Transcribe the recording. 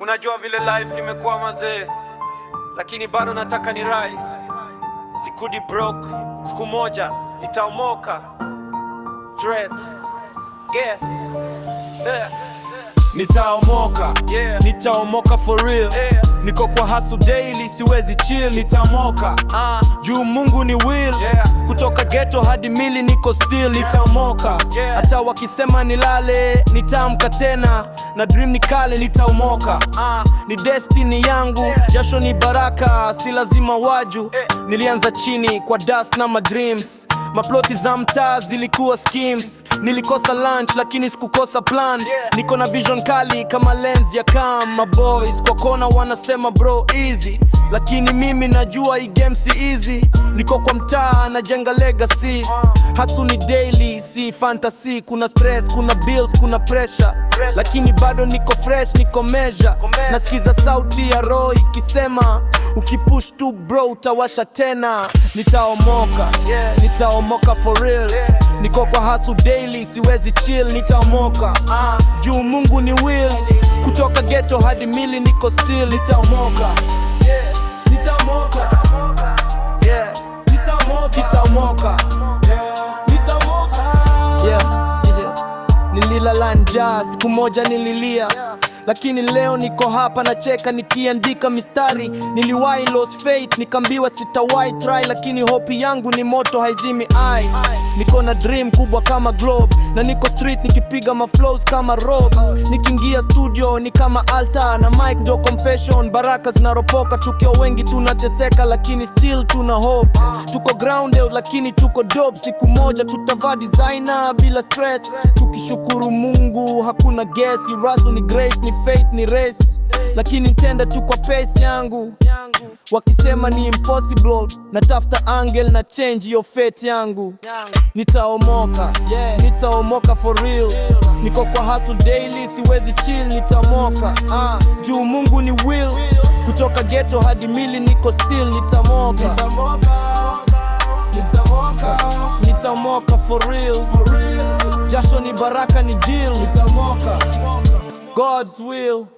Unajua vile life imekuwa mazee, lakini bado nataka ni rise. Sikudi broke, siku moja nitaomoka. Dread. Yeah. Nitaomoka, yeah. Nitaomoka for real, yeah. Niko kwa hustle daily, siwezi chill, nitaomoka, uh. Juu Mungu ni will, yeah kutoka geto hadi mili niko still nitaomoka. Hata wakisema nilale, nitaamka tena na dream kale nitaomoka. Ah, ni destiny yangu, jasho ni baraka, si lazima waju. Nilianza chini kwa dust na madreams Maploti za mtaa zilikuwa schemes. Nilikosa lunch lakini sikukosa plan. Niko na vision kali kama lens ya cam. Boys kwa kona wanasema bro easy, lakini mimi najua hii game si easy. Niko kwa mtaa najenga legacy, hasu ni daily, si fantasy. Kuna stress, kuna bills, kuna pressure, lakini bado niko fresh, niko measure. Nasikiza sauti ya roho ikisema Ukipush tu bro, utawasha tena. Nitaomoka, nitaomoka for real. Niko kwa hasu daily, siwezi chill. Nitaomoka juu Mungu ni will. Kutoka ghetto hadi mili, niko still. Nitaomoka, Nililala njaa siku moja nililia lakini leo niko hapa nacheka nikiandika mistari. Niliwahi lost faith, nikambiwa sitawahi try, lakini hopi yangu ni moto haizimi ai. Niko na dream kubwa kama globe, na niko street nikipiga maflows kama rob. Nikiingia studio ni kama alta na mic do confession, baraka zinaropoka tukiwa wengi tunateseka, lakini still tuna hope. Tuko grounded lakini tuko dope, siku moja tutavaa designer bila stress, tukishukuru Mungu hakuna guest ni ni grace, ni faith ni race, lakini ntenda tu kwa pace yangu. Wakisema ni impossible, natafuta angle na change yo fate yangu. Nitaomoka, nitaomoka for real. Niko kwa hustle daily, siwezi chill, nitamoka uh, juu Mungu ni will. Kutoka ghetto hadi mili, niko still, nitamoka, nitamoka. Nitamoka, nitamoka for real. For real. Jasho ni baraka ni deal. Nitamoka. God's will